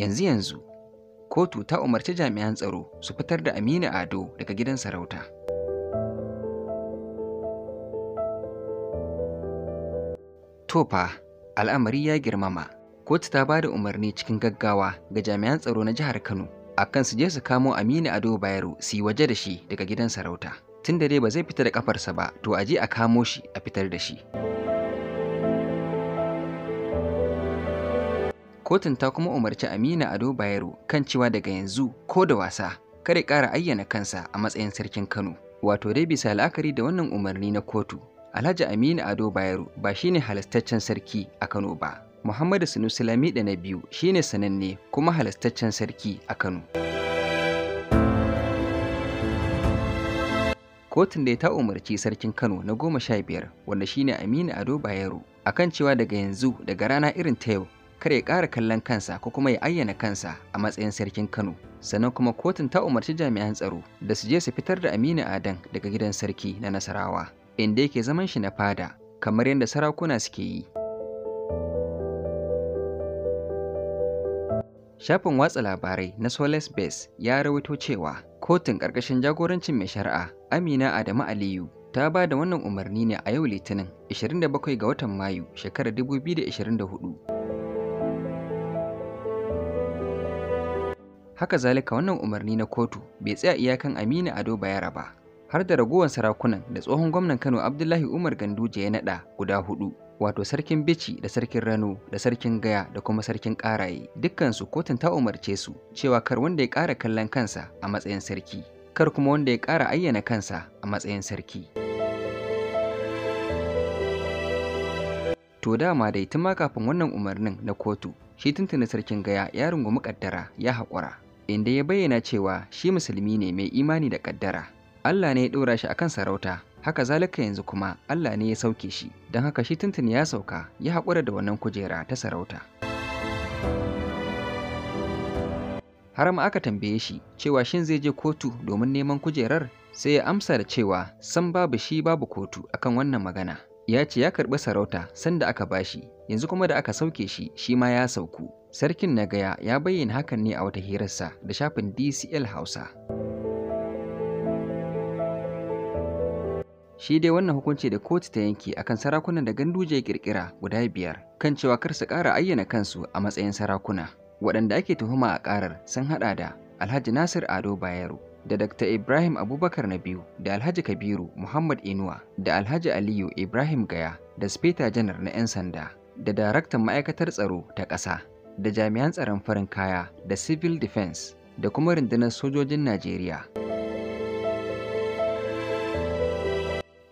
yanzu yanzu kotu ta umarci jami'an tsaro su fitar da aminu ado daga gidan sarauta tofa al'amari ya girmama kotu ta ba da umarni cikin gaggawa ga jami'an tsaro na jihar kano akan su je su kamo aminu ado bayero su yi waje da shi daga gidan sarauta tun da dai ba zai fita da kafarsa ba to a je a kamo shi a fitar da shi. Kotun ta kuma umarci Amina Ado Bayero kan cewa daga yanzu ko da wasa kare ƙara ayyana kansa a matsayin sarkin Kano. Wato dai bisa la'akari da wannan umarni na kotu, Alhaji Aminu Ado Bayero ba shine halastaccen sarki a Kano ba. Muhammadu Sunusi da na biyu shine sananne kuma halastaccen sarki a Kano. Kotun da ta umarci sarkin Kano na goma sha biyar wanda shine Aminu Ado Bayero akan cewa daga yanzu daga rana irin ta yau kar ya ƙara kallon kansa ko kuma ya ayyana kansa a matsayin sarkin Kano. Sannan kuma kotun ta umarci jami'an tsaro da su je su fitar da Aminu Adan daga gidan sarki na Nasarawa, inda yake zaman shi na fada, kamar yadda sarakuna suke yi. Shafin watsa labarai na Soles Base ya rawaito cewa kotun ƙarƙashin jagorancin mai shari'a Amina Adamu Aliyu ta ba da wannan umarni ne a yau Litinin 27 ga watan Mayu shekarar 2024. haka zalika wannan umarni na kotu bai tsaya iyakan aminu ado bayara ba har da ragowar sarakunan da tsohon gwamnan kano abdullahi umar ganduje ya naɗa guda hudu wato sarkin Bichi da sarkin rano da sarkin gaya da kuma sarkin karaye dukkansu kotun ta umarce su cewa kar wanda ya ƙara kallon kansa a matsayin sarki kar kuma wanda ya ƙara ayyana kansa a matsayin sarki to dama dai tun ma kafin wannan umarnin na kotu shi tuntuni sarkin gaya ya rungumi kaddara ya haƙura inda ya bayyana cewa shi musulmi ne mai imani da ƙaddara. Allah ne ya ɗora shi akan sarauta, haka zalika yanzu kuma Allah ne ya sauke shi, don haka shi tuntuni ya sauka ya haƙura da wannan kujera ta sarauta. Har ma aka tambaye shi cewa shin zai je kotu domin neman kujerar sai ya amsa da cewa san babu shi babu kotu akan wannan magana. Ya ce ya karɓi sarauta sanda aka bashi, yanzu kuma da aka sauke shi shi ma ya sauku. Sarkin na gaya ya bayyana hakan ne a wata hirarsa da shafin DCL Hausa. shi dai wannan hukunci da kotu ta yanke akan sarakunan da ganduje ya kirkira guda biyar kan cewa kar su ƙara ayyana kansu a matsayin sarakuna waɗanda ake tuhuma a ƙarar sun haɗa da alhaji nasir ado bayero da dr ibrahim abubakar na biyu da alhaji kabiru muhammad inuwa da alhaji aliyu ibrahim gaya da speta janar na 'yan sanda da daraktan ma'aikatar tsaro ta ƙasa da jami'an tsaron farin kaya da civil defense da kuma rundunar sojojin Najeriya.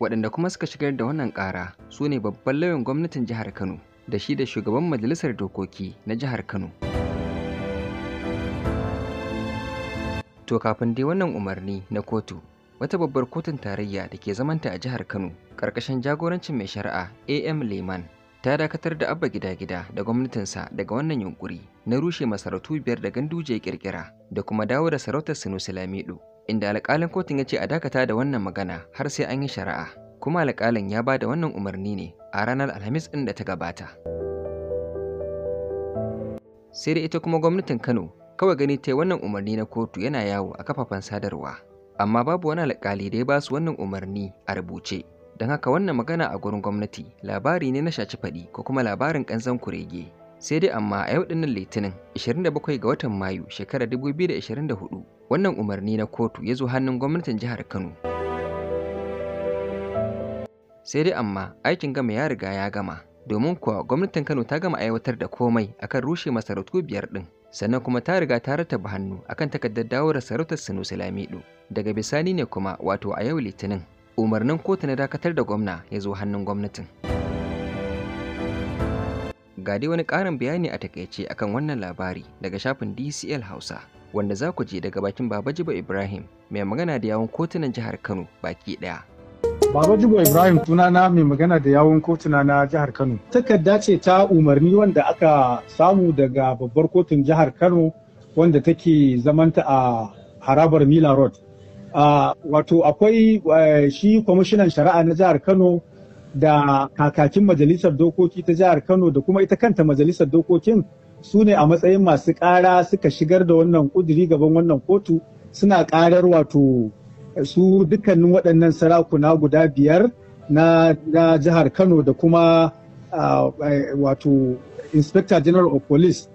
Waɗanda kuma suka shigar da wannan ƙara su ne babban lauyan gwamnatin jihar Kano da shi da shugaban majalisar dokoki na jihar Kano. To kafin dai wannan umarni na kotu, wata babbar kotun tarayya da ke zamanta a jihar Kano, ƙarƙashin jagorancin mai shari'a AM Leman ta dakatar da abba gida-gida da gwamnatinsa daga wannan yunkuri na rushe masarautu biyar da ganduje ya kirkira da kuma dawo da sarautar sinusi lamido inda alkalin kotun ya ce a dakata da wannan magana har sai an yi shari'a kuma alkalin ya ba da wannan umarni ne a ranar alhamis ɗin da ta gabata sai da ita kuma gwamnatin kano kawai gani ta wannan umarni na kotu yana yawo a kafafen sadarwa amma babu wani alkali da ya ba su wannan umarni a rubuce don haka wannan magana a gurin gwamnati labari ne na shaci faɗi ko kuma labarin ƙanzan kurege sai dai amma a yau ɗinnan litinin 27 ga watan mayu shekarar 2024 wannan umarni na kotu ya zo hannun gwamnatin jihar kano sai dai amma aikin gama ya riga ya gama domin kuwa gwamnatin kano ta gama aiwatar da komai akan rushe masarautu biyar ɗin, sannan kuma ta riga ta rataba hannu akan takardar dawo da sarautar sanusi lamido daga bisani ne kuma wato a yau litinin umarnin kotu na dakatar da gwamna ya zo hannun gwamnatin ga dai wani ƙarin bayani a takaice akan wannan labari daga shafin dcl hausa wanda za ku je daga bakin Babajiba ibrahim mai magana da yawon kotunan jihar kano baki ɗaya Baba Jibo Ibrahim sunana mai magana da yawon kotuna na jihar Kano. Takarda ce ta umarni wanda aka samu daga babbar kotun jihar Kano wanda take zamanta a harabar Mila Road. wato akwai eh, shi kwamishinan shari'a na jihar kano da kakakin majalisar dokoki ta jihar kano da kuma ita kanta majalisar dokokin su ne a matsayin masu ƙara suka shigar da wannan kuduri gaban wannan kotu suna karar wato su dukkanin waɗannan sarakuna guda biyar na, jihar kano da kuma uh, wato inspector general of police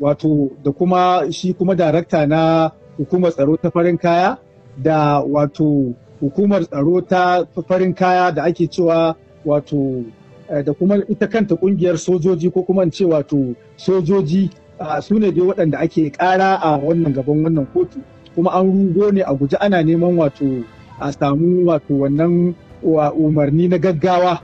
wato da kuma shi kuma darakta na hukumar tsaro ta farin kaya da wato hukumar tsaro ta farin kaya da ake cewa wato eh, da kuma ita kanta kungiyar sojoji ko kuma ce wato sojoji su ne dai waɗanda ake ƙara a wannan gaban wannan kotu kuma an rugo ne a guji ana neman wato a samu wato wannan umarni na gaggawa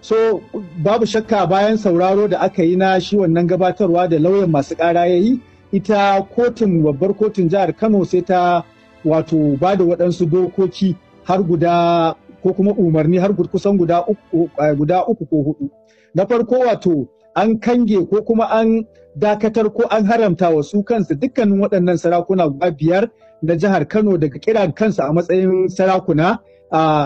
so babu shakka bayan sauraro da aka yi na shi wannan gabatarwa da lauyan masu ƙara ya yi ita kotun babbar kotun jihar kano sai ta wato ba da waɗansu dokoki har guda ko kuma umarni har kusan guda uku, ko eh, hudu. Na farko wato an kange ko kuma an dakatar ko an haramta wa su kansu dukkanin waɗannan sarakuna guda biyar na jihar Kano daga kiran kansa a matsayin sarakuna.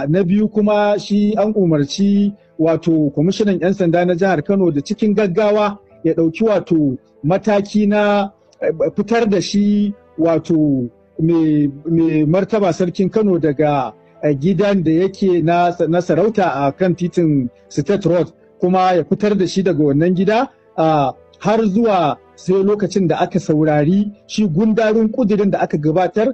na biyu kuma shi an umarci wato kwamishinan 'yan sanda na jihar Kano da cikin gaggawa ya ɗauki wato mataki na eh, fitar da shi wato mai martaba sarkin kano daga eh, gidan da yake na sarauta a kan titin state road kuma ya fitar da shi daga wannan gida har zuwa sai lokacin da aka saurari shi gundarin kudirin da aka gabatar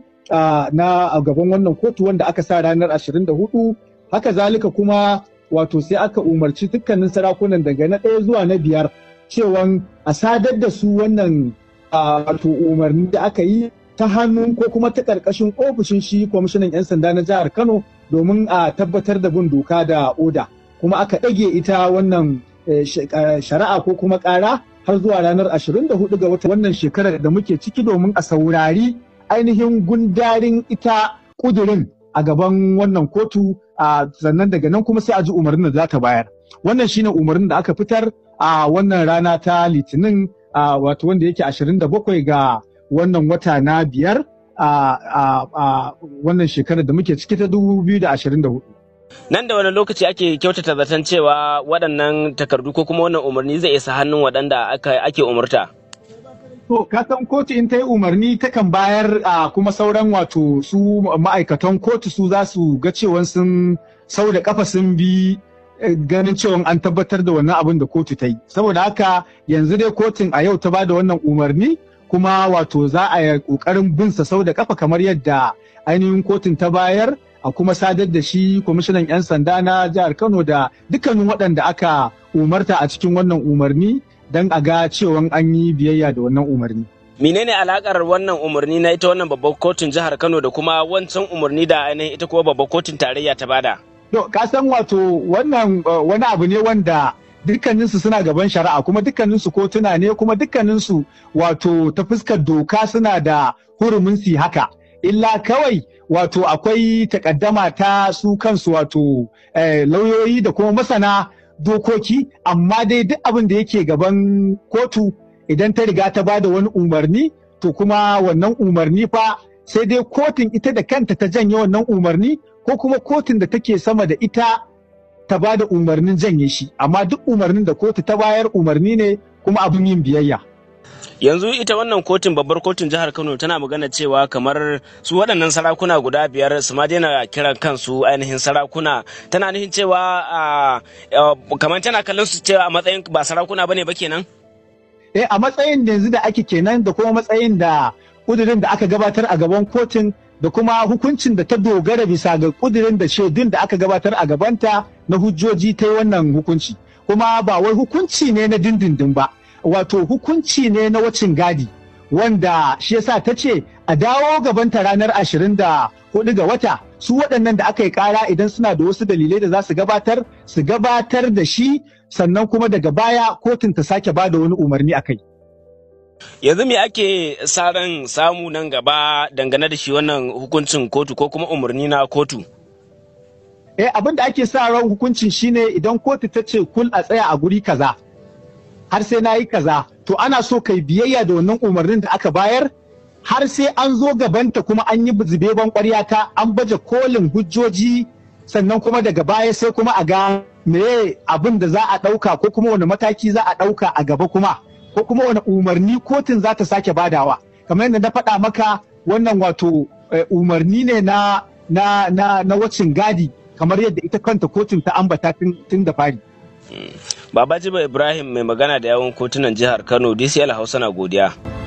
na gaban wannan kotu wanda aka sa ranar 24 haka zalika kuma wato sai aka umarci dukkanin sarakunan daga na ɗaya zuwa na biyar cewan a sadar da su wannan wato umarni da aka yi ta hannun ko kuma ta ƙarƙashin ofishin shi kwamishinan 'yan sanda na jihar Kano domin a tabbatar da bin doka da oda kuma aka ɗage ita wannan eh, eh, shari'a ko kuma ƙara har zuwa ranar 24 ga wata wannan shekarar da muke ciki domin a saurari ainihin gundarin ita ƙudurin a gaban wannan kotu a sannan daga nan kuma sai a ji umarnin da za ta bayar wannan shine umarnin da aka fitar a wannan rana ta litinin wato wanda yake 27 ga wannan wata na biyar a wannan shekarar da muke ciki ta 2024 Nan da wani lokaci ake kyautata zaton cewa waɗannan takardu ko kuma wannan umarni zai isa hannun waɗanda ake umarta. To, kasan kotu in ta yi umarni takan bayar a kuma sauran wato su ma'aikatan kotu su za su ga cewa sun sau da kafa sun bi eh, ganin cewa an tabbatar da wannan abin da kotu ta yi. Saboda haka yanzu dai kotun a yau ta ba da wannan umarni kuma wato za a yi ƙoƙarin bin sa sau da kafa kamar yadda ainihin kotun ta bayar a kuma sadar da shi kwamishinan 'yan sanda na jihar kano da dukkanin waɗanda aka umarta a cikin wannan umarni don a ga cewa an yi biyayya da wannan umarni. menene alakar wannan umarni na ita wannan babbar kotun jihar kano da kuma wancan umarni da ainihin ita kuma babbar kotun tarayya ta bada? ka san wato wannan eh, wani abu ne wanda dukkaninsu suna gaban shari'a kuma dukkaninsu kotuna ne kuma dukkaninsu wato ta fuskar doka suna da hurumin su haka illa kawai wato akwai takaddama ta su kansu wato eh, lauyoyi da kuma masana dokoki amma dai duk abin da yake gaban kotu idan ta riga ta bada wani umarni to kuma wannan umarni fa sai dai kotun ita da kanta ta janye wannan umarni ko kuma kotun da take sama da ita ta ba da umarnin janye shi amma duk umarnin da kotu ta bayar umarni ne kuma abin yin biyayya yanzu ita wannan kotun babbar kotun jihar kano tana magana cewa kamar su waɗannan sarakuna guda biyar su ma daina kiran kansu ainihin sarakuna tana nufin cewa kamar tana kallon su cewa a matsayin ba sarakuna bane ba kenan eh a matsayin da yanzu da ake kenan da kuma matsayin da kudirin da aka gabatar a gaban kotun da kuma hukuncin da ta dogara bisa ga kudirin da shedin da aka gabatar a gabanta na hujjoji ta yi wannan hukunci kuma ba wai hukunci ne na dindindin ba wato hukunci ne na wacin gadi wanda shi yasa ta ce a dawo gabanta ranar 24 ga wata su waɗannan da aka yi ƙara idan suna da wasu dalilai da za su gabatar su gabatar da shi sannan kuma daga baya kotun ta sake ba da wani umarni a kai. yanzu me ake sa ran samu nan gaba dangane da shi wannan hukuncin kotu ko kuma umarni na kotu eh abin da ake sa ran hukuncin shine idan kotu ta ce kul a tsaya a guri kaza har sai na yi kaza to ana so kai biyayya da wannan umarnin da aka bayar har sai an zo gabanta kuma an yi ban kwarya ta an baje kolin hujjoji sannan kuma daga baya sai kuma a ga meye abin da za a ɗauka ko kuma wani mataki za a ɗauka a gaba kuma ko kuma wani umarni kotun za ta sake badawa kamar yadda na faɗa maka wannan wato eh, umarni ne na na na, na wacin gadi kamar yadda ita kanta kotun ta ambata tun da fari. Hmm. Baba Jiba Ibrahim mai magana da yawon kotunan jihar Kano DCL Hausa na godiya.